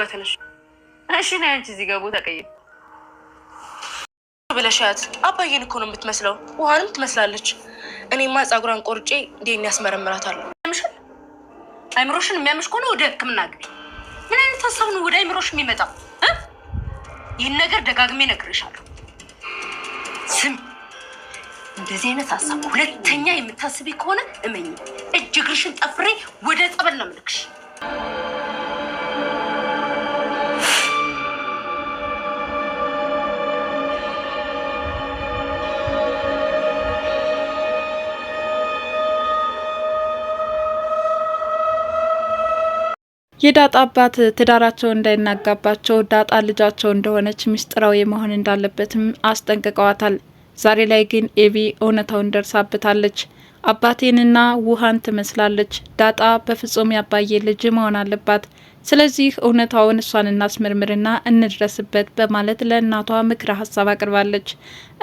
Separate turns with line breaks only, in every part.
ጋር ተነሽ። እሺ ነይ አንቺ እዚህ ገቡ ተቀይር ብለሻት። አባዬን እኮ ነው የምትመስለው። ውሃንም ትመስላለች። እኔማ ፀጉሯን ቆርጬ እንዴት ያስመረምራታለሁ።
አይምሮሽን የሚያምሽ ከሆነ ወደ ሕክምና ግቢ። ምን አይነት ሀሳብ ነው ወደ አይምሮሽ የሚመጣው? ይህን ነገር ደጋግሜ እነግርሻለሁ። ስም እንደዚህ አይነት ሀሳብ ሁለተኛ የምታስቢ ከሆነ እመኝ፣ እጅ እግርሽን ጠፍሬ ወደ ጠበል ነው የምልክሽ።
የዳጣ አባት ትዳራቸው እንዳይናጋባቸው ዳጣ ልጃቸው እንደሆነች ምስጢራዊ መሆን እንዳለበትም አስጠንቅቀዋታል። ዛሬ ላይ ግን ኤቪ እውነታውን ደርሳበታለች። አባቴንና ውሃን ትመስላለች። ዳጣ በፍጹም ያባየ ልጅ መሆን አለባት። ስለዚህ እውነታውን እሷን እናስምርምርና እንድረስበት በማለት ለእናቷ ምክረ ሀሳብ አቅርባለች።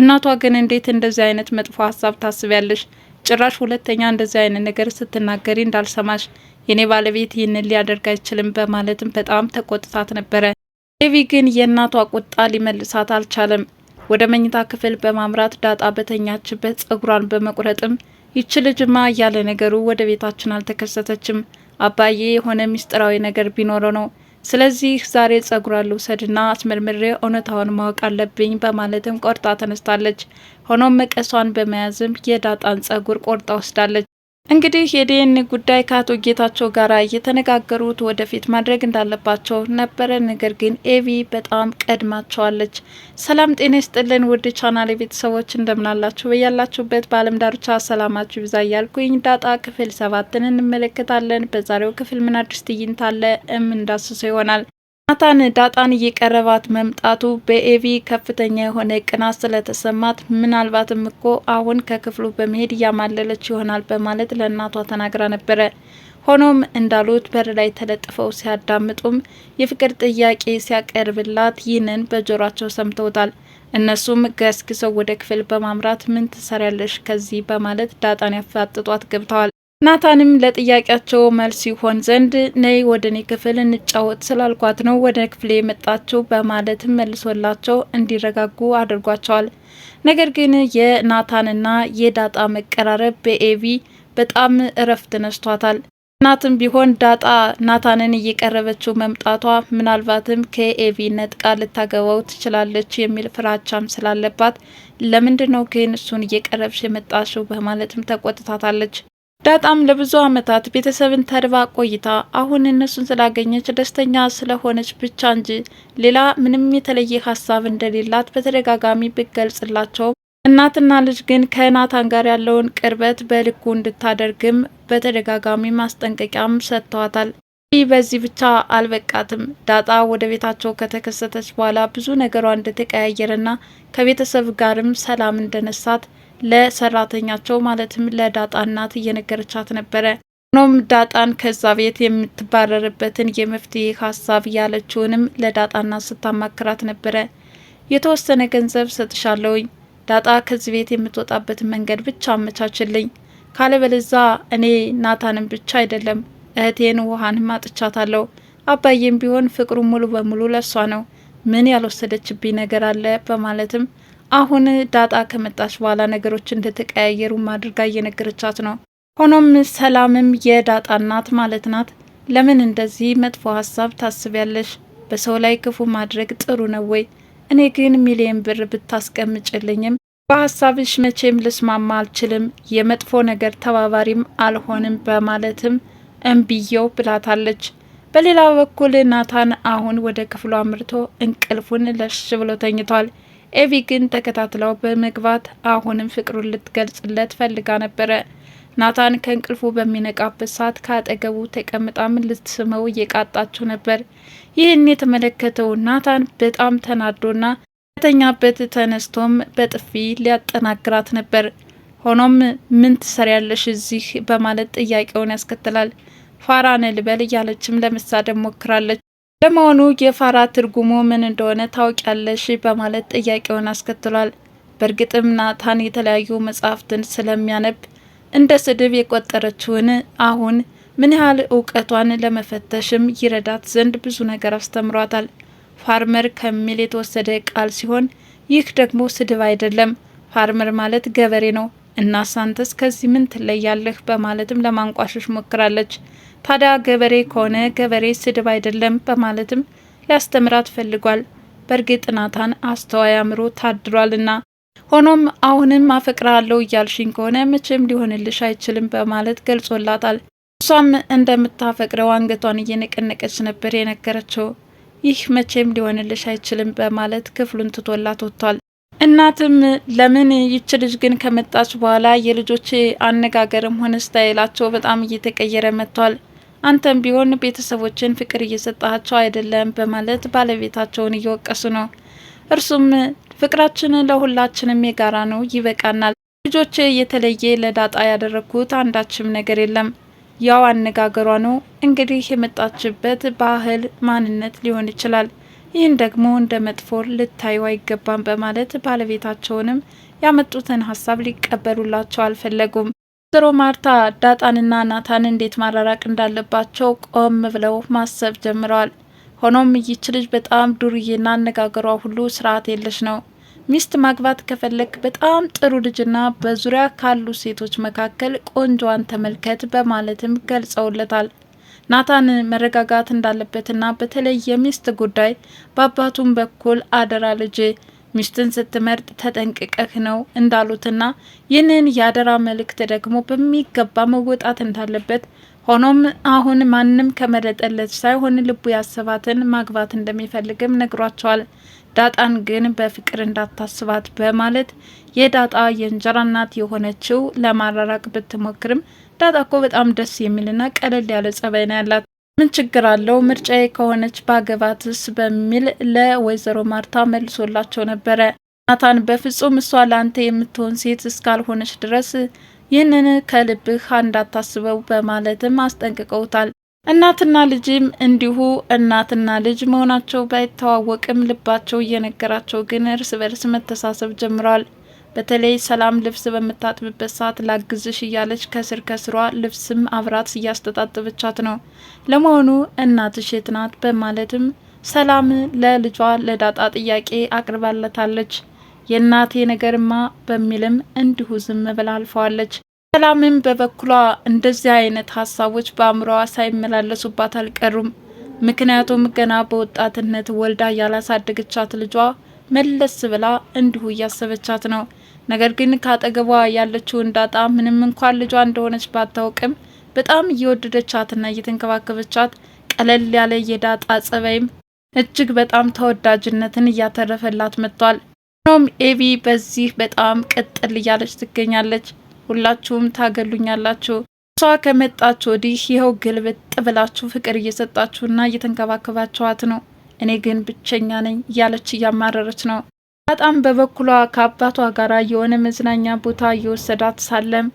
እናቷ ግን እንዴት እንደዚህ አይነት መጥፎ ሀሳብ ታስቢያለሽ? ጭራሽ ሁለተኛ እንደዚህ አይነት ነገር ስትናገሪ እንዳልሰማሽ የኔ ባለቤት ይህንን ሊያደርግ አይችልም በማለትም በጣም ተቆጥታት ነበረ። ዴቪ ግን የእናቷ ቁጣ ሊመልሳት አልቻለም። ወደ መኝታ ክፍል በማምራት ዳጣ በተኛችበት ጸጉሯን በመቁረጥም ይች ልጅማ እያለ ነገሩ ወደ ቤታችን አልተከሰተችም፣ አባዬ የሆነ ምስጢራዊ ነገር ቢኖረው ነው። ስለዚህ ዛሬ ጸጉሯን ልውሰድና አስመርምሬ እውነታውን ማወቅ አለብኝ በማለትም ቆርጣ ተነስታለች። ሆኖም መቀሷን በመያዝም የዳጣን ጸጉር ቆርጣ ወስዳለች። እንግዲህ የዲኤንኤ ጉዳይ ከአቶ ጌታቸው ጋር እየተነጋገሩት ወደፊት ማድረግ እንዳለባቸው ነበረ። ነገር ግን ኤቪ በጣም ቀድማቸዋለች። ሰላም ጤና ይስጥልን ውድ ቻናል ቤተሰቦች እንደምናላችሁ፣ በያላችሁበት በአለም ዳርቻ ሰላማችሁ ይብዛ እያልኩኝ ዳጣ ክፍል ሰባትን እንመለከታለን። በዛሬው ክፍል ምን አዲስ ትዕይንት አለ እም እንዳስሰው ይሆናል። ናታን ዳጣን እየቀረባት መምጣቱ በኤቪ ከፍተኛ የሆነ ቅናት ስለተሰማት ምናልባትም እኮ አሁን ከክፍሉ በመሄድ እያማለለች ይሆናል በማለት ለእናቷ ተናግራ ነበረ። ሆኖም እንዳሉት በር ላይ ተለጥፈው ሲያዳምጡም የፍቅር ጥያቄ ሲያቀርብላት ይህንን በጆሯቸው ሰምተውታል። እነሱም ገስግሰው ወደ ክፍል በማምራት ምን ትሰሪያለሽ ከዚህ በማለት ዳጣን ያፋጥጧት ገብተዋል። ናታንም ለጥያቄያቸው መልስ ይሆን ዘንድ ነይ ወደ እኔ ክፍል እንጫወት ስላልኳት ነው ወደ ክፍሌ የመጣችው በማለት መልሶላቸው እንዲረጋጉ አድርጓቸዋል። ነገር ግን የናታንና የዳጣ መቀራረብ በኤቪ በጣም እረፍት ነስቷታል። ናትም ቢሆን ዳጣ ናታንን እየቀረበችው መምጣቷ ምናልባትም ከኤቪ ነጥቃ ልታገባው ትችላለች የሚል ፍራቻም ስላለባት ለምንድን ነው ግን እሱን እየቀረብሽ የመጣሽው በማለትም ተቆጥታታለች። ዳጣም ለብዙ ዓመታት ቤተሰብን ተርባ ቆይታ አሁን እነሱን ስላገኘች ደስተኛ ስለሆነች ብቻ እንጂ ሌላ ምንም የተለየ ሀሳብ እንደሌላት በተደጋጋሚ ብገልጽላቸው እናትና ልጅ ግን ከናታን ጋር ያለውን ቅርበት በልኩ እንድታደርግም በተደጋጋሚ ማስጠንቀቂያም ሰጥተዋታል። ይህ በዚህ ብቻ አልበቃትም። ዳጣ ወደ ቤታቸው ከተከሰተች በኋላ ብዙ ነገሯ እንደተቀያየረና ከቤተሰብ ጋርም ሰላም እንደነሳት ለሰራተኛቸው ማለትም ለዳጣ እናት እየነገረቻት ነበረ። ሆኖም ዳጣን ከዛ ቤት የምትባረርበትን የመፍትሄ ሀሳብ ያለችውንም ለዳጣ እናት ስታማክራት ነበረ። የተወሰነ ገንዘብ ሰጥሻለውኝ፣ ዳጣ ከዚህ ቤት የምትወጣበትን መንገድ ብቻ አመቻችልኝ፣ ካለበለዛ እኔ ናታንም ብቻ አይደለም እህቴን ውሃንም አጥቻታለሁ። አባዬም ቢሆን ፍቅሩ ሙሉ በሙሉ ለሷ ነው። ምን ያልወሰደችብኝ ነገር አለ? በማለትም አሁን ዳጣ ከመጣች በኋላ ነገሮች እንደተቀያየሩ አድርጋ እየነገረቻት ነው። ሆኖም ሰላምም የዳጣ እናት ማለት ናት። ለምን እንደዚህ መጥፎ ሀሳብ ታስቢያለሽ? በሰው ላይ ክፉ ማድረግ ጥሩ ነው ወይ? እኔ ግን ሚሊየን ብር ብታስቀምጭልኝም በሀሳብሽ መቼም ልስማማ አልችልም፣ የመጥፎ ነገር ተባባሪም አልሆንም በማለትም እምብየው ብላታለች። በሌላ በኩል ናታን አሁን ወደ ክፍሉ አምርቶ እንቅልፉን ለሽ ብሎ ተኝቷል። ኤቪ ግን ተከታትለው በመግባት አሁንም ፍቅሩን ልትገልጽለት ፈልጋ ነበረ። ናታን ከእንቅልፉ በሚነቃበት ሰዓት ከአጠገቡ ተቀምጣም ልትስመው እየቃጣችው ነበር። ይህን የተመለከተው ናታን በጣም ተናዶና ከተኛበት ተነስቶም በጥፊ ሊያጠናግራት ነበር። ሆኖም ምን ትሰሪያለሽ እዚህ በማለት ጥያቄውን ያስከትላል። ፋራን ልበል እያለችም ለመሳደብ ሞክራለች። ለመሆኑ የፋራ ትርጉሙ ምን እንደሆነ ታውቂያለሽ? በማለት ጥያቄውን አስከትሏል። በእርግጥም ናታን የተለያዩ መጽሐፍትን ስለሚያነብ እንደ ስድብ የቆጠረችውን አሁን ምን ያህል እውቀቷን ለመፈተሽም ይረዳት ዘንድ ብዙ ነገር አስተምሯታል። ፋርመር ከሚል የተወሰደ ቃል ሲሆን ይህ ደግሞ ስድብ አይደለም። ፋርመር ማለት ገበሬ ነው እና ከዚህ ምን ትለያለህ? በማለትም ለማንቋሸሽ ሞክራለች። ታዲያ ገበሬ ከሆነ ገበሬ ስድብ አይደለም በማለትም ሊያስተምራት ፈልጓል። በእርግጥ ናታን አስተዋይ አእምሮ ታድሯልና፣ ሆኖም አሁንም አለው እያልሽኝ ከሆነ መቼም ሊሆንልሽ አይችልም በማለት ገልጾላታል። እሷም እንደምታፈቅረው አንገቷን እየነቀነቀች ነበር የነገረችው። ይህ መቼም ሊሆንልሽ አይችልም በማለት ክፍሉን ትቶላት ወጥቷል። እናትም ለምን ይች ልጅ ግን ከመጣች በኋላ የልጆች አነጋገርም ሆነ ስታይላቸው በጣም እየተቀየረ መጥቷል አንተም ቢሆን ቤተሰቦችን ፍቅር እየሰጣቸው አይደለም በማለት ባለቤታቸውን እየወቀሱ ነው። እርሱም ፍቅራችን ለሁላችንም የጋራ ነው፣ ይበቃናል። ልጆች የተለየ ለዳጣ ያደረግኩት አንዳችም ነገር የለም። ያው አነጋገሯ ነው እንግዲህ የመጣችበት ባህል ማንነት ሊሆን ይችላል። ይህን ደግሞ እንደ መጥፎ ልታዩ አይገባም በማለት ባለቤታቸውንም ያመጡትን ሀሳብ ሊቀበሉላቸው አልፈለጉም። ወይዘሮ ማርታ ዳጣንና ናታን እንዴት ማራራቅ እንዳለባቸው ቆም ብለው ማሰብ ጀምረዋል። ሆኖም ይች ልጅ በጣም ዱርዬና አነጋገሯ ሁሉ ስርዓት የለሽ ነው። ሚስት ማግባት ከፈለግ በጣም ጥሩ ልጅና በዙሪያ ካሉ ሴቶች መካከል ቆንጆዋን ተመልከት በማለትም ገልጸውለታል። ናታን መረጋጋት እንዳለበትና በተለይ የሚስት ጉዳይ በአባቱም በኩል አደራ ልጄ ሚስትን ስትመርጥ ተጠንቅቀህ ነው እንዳሉትና ይህንን የአደራ መልእክት ደግሞ በሚገባ መወጣት እንዳለበት ሆኖም አሁን ማንም ከመረጠለት ሳይሆን ልቡ ያሰባትን ማግባት እንደሚፈልግም ነግሯቸዋል። ዳጣን ግን በፍቅር እንዳታስባት በማለት የዳጣ የእንጀራ እናት የሆነችው ለማራራቅ ብትሞክርም ዳጣ እኮ በጣም ደስ የሚልና ቀለል ያለ ጸባይ ነው ያላት። ምን ችግር አለው ምርጫዬ ከሆነች ባገባትስ በሚል ለወይዘሮ ማርታ መልሶላቸው ነበረ። ናታን በፍጹም እሷ ለአንተ የምትሆን ሴት እስካልሆነች ድረስ ይህንን ከልብህ እንዳታስበው በማለትም አስጠንቅቀውታል። እናትና ልጅም እንዲሁ እናትና ልጅ መሆናቸው ባይተዋወቅም ልባቸው እየነገራቸው ግን እርስ በርስ መተሳሰብ ጀምረዋል። በተለይ ሰላም ልብስ በምታጥብበት ሰዓት ላግዝሽ እያለች ከስር ከስሯ ልብስም አብራት እያስተጣጥበቻት ነው። ለመሆኑ እናትሽ የት ናት? በማለትም ሰላም ለልጇ ለዳጣ ጥያቄ አቅርባለታለች። የእናቴ ነገርማ በሚልም እንዲሁ ዝም ብላ አልፈዋለች። ሰላምም በበኩሏ እንደዚህ አይነት ሀሳቦች በአእምሮዋ ሳይመላለሱባት አልቀሩም። ምክንያቱም ገና በወጣትነት ወልዳ ያላሳደገቻት ልጇ መለስ ብላ እንዲሁ እያሰበቻት ነው። ነገር ግን ከአጠገቧ ያለችውን ዳጣ ምንም እንኳን ልጇ እንደሆነች ባታውቅም በጣም እየወደደቻትና እየተንከባከበቻት ቀለል ያለ የዳጣ ጸባይም እጅግ በጣም ተወዳጅነትን እያተረፈላት መጥቷል። ሆኖም ኤቢ በዚህ በጣም ቅጥል እያለች ትገኛለች። ሁላችሁም ታገሉኛላችሁ። እሷ ከመጣች ወዲህ ይኸው ግልብጥ ብላችሁ ፍቅር እየሰጣችሁና እየተንከባከባችኋት ነው። እኔ ግን ብቸኛ ነኝ እያለች እያማረረች ነው። በጣም በበኩሏ ከአባቷ ጋር የሆነ መዝናኛ ቦታ እየወሰዳት ሳለም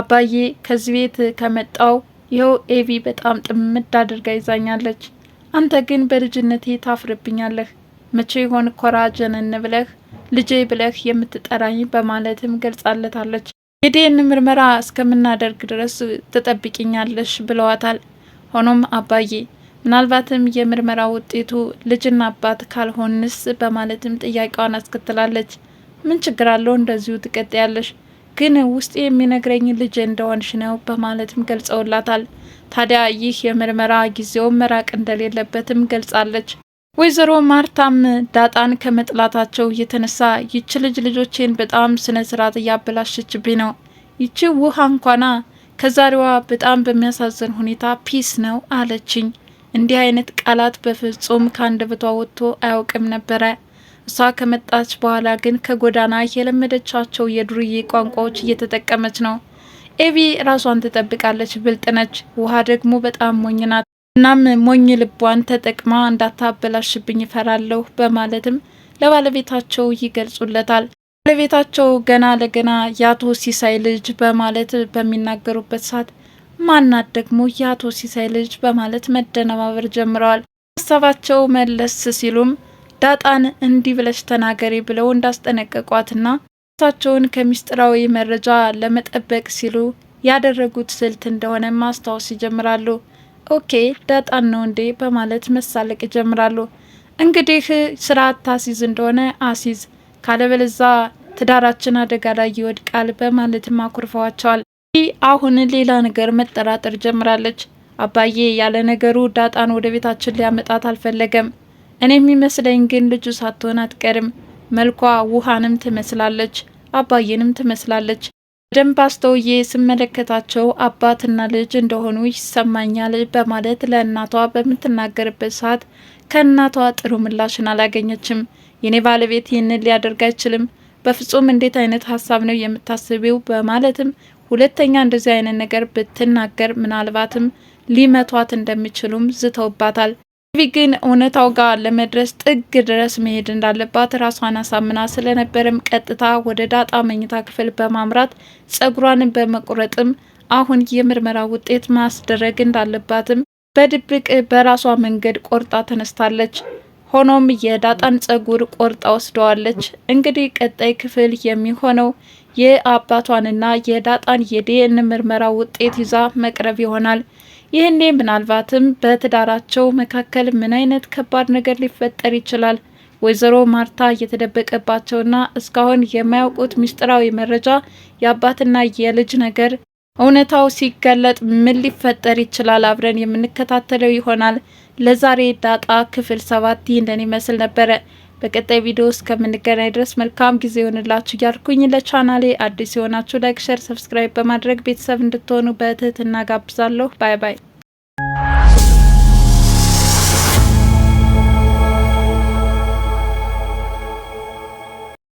አባዬ ከዚህ ቤት ከመጣው ይኸው ኤቪ በጣም ጥምድ አድርጋ ይዛኛለች። አንተ ግን በልጅነቴ ታፍርብኛለህ። መቼ ይሆን ኮራ ጀነን ብለህ ልጄ ብለህ የምትጠራኝ በማለትም ገልጻለታለች። የዴን ምርመራ እስከምናደርግ ድረስ ትጠብቅኛለሽ ብለዋታል። ሆኖም አባዬ ምናልባትም የምርመራ ውጤቱ ልጅና አባት ካልሆንስ በማለትም ጥያቄዋን አስከትላለች። ምን ችግር አለው እንደዚሁ ትቀጥያለሽ፣ ግን ውስጥ የሚነግረኝ ልጅ እንደሆንሽ ነው በማለትም ገልጸውላታል። ታዲያ ይህ የምርመራ ጊዜው መራቅ እንደሌለበትም ገልጻለች። ወይዘሮ ማርታም ዳጣን ከመጥላታቸው የተነሳ ይቺ ልጅ ልጆቼን በጣም ስነ ስርዓት እያበላሸችብኝ ነው። ይቺ ውሃ እንኳና ከዛሬዋ በጣም በሚያሳዝን ሁኔታ ፒስ ነው አለችኝ። እንዲህ አይነት ቃላት በፍጹም ከአንደበቷ ወጥቶ አያውቅም ነበረ። እሷ ከመጣች በኋላ ግን ከጎዳና የለመደቻቸው የዱርዬ ቋንቋዎች እየተጠቀመች ነው። ኤቪ ራሷን ትጠብቃለች፣ ብልጥ ነች። ውሃ ደግሞ በጣም ሞኝ ናት። እናም ሞኝ ልቧን ተጠቅማ እንዳታበላሽብኝ ይፈራለሁ በማለትም ለባለቤታቸው ይገልጹለታል። ባለቤታቸው ገና ለገና የአቶ ሲሳይ ልጅ በማለት በሚናገሩበት ሰዓት ማናት ደግሞ የአቶ ሲሳይ ልጅ በማለት መደነባበር ጀምረዋል። ሀሳባቸው መለስ ሲሉም ዳጣን እንዲህ ብለሽ ተናገሪ ብለው እንዳስጠነቀቋትና እሳቸውን ከሚስጥራዊ መረጃ ለመጠበቅ ሲሉ ያደረጉት ስልት እንደሆነ ማስታወስ ይጀምራሉ። ኦኬ ዳጣን ነው እንዴ በማለት መሳለቅ ይጀምራሉ። እንግዲህ ስርዓት ታሲዝ እንደሆነ አሲዝ ካለበለዛ ትዳራችን አደጋ ላይ ይወድቃል በማለትም አኩርፈዋቸዋል። አሁን ሌላ ነገር መጠራጠር ጀምራለች። አባዬ ያለ ነገሩ ዳጣን ወደ ቤታችን ሊያመጣት አልፈለገም። እኔ የሚመስለኝ ግን ልጁ ሳትሆን አትቀርም። መልኳ ውሃንም ትመስላለች፣ አባዬንም ትመስላለች። በደንብ አስተውዬ ስመለከታቸው አባትና ልጅ እንደሆኑ ይሰማኛል በማለት ለእናቷ በምትናገርበት ሰዓት ከእናቷ ጥሩ ምላሽን አላገኘችም። የኔ ባለቤት ይህንን ሊያደርግ አይችልም፣ በፍጹም እንዴት አይነት ሀሳብ ነው የምታስቢው? በማለትም ሁለተኛ እንደዚህ አይነት ነገር ብትናገር ምናልባትም ሊመቷት እንደሚችሉም ዝተውባታል። ቪ ግን እውነታው ጋር ለመድረስ ጥግ ድረስ መሄድ እንዳለባት ራሷን አሳምና ስለነበረም ቀጥታ ወደ ዳጣ መኝታ ክፍል በማምራት ጸጉሯን በመቁረጥም አሁን የምርመራ ውጤት ማስደረግ እንዳለባትም በድብቅ በራሷ መንገድ ቆርጣ ተነስታለች። ሆኖም የዳጣን ጸጉር ቆርጣ ወስደዋለች። እንግዲህ ቀጣይ ክፍል የሚሆነው የአባቷንና የዳጣን የዴን ምርመራ ውጤት ይዛ መቅረብ ይሆናል። ይህኔ ምናልባትም በትዳራቸው መካከል ምን አይነት ከባድ ነገር ሊፈጠር ይችላል? ወይዘሮ ማርታ እየተደበቀባቸውና እስካሁን የማያውቁት ምስጢራዊ መረጃ፣ የአባትና የልጅ ነገር እውነታው ሲገለጥ ምን ሊፈጠር ይችላል? አብረን የምንከታተለው ይሆናል። ለዛሬ ዳጣ ክፍል ሰባት ይህንን ይመስል ነበረ። በቀጣይ ቪዲዮ እስከምንገናኝ ድረስ መልካም ጊዜ ይሆንላችሁ እያልኩኝ ለቻናሌ አዲስ የሆናችሁ ላይክ፣ ሸር፣ ሰብስክራይብ በማድረግ ቤተሰብ እንድትሆኑ በትህትና ጋብዛለሁ። ባይ ባይ።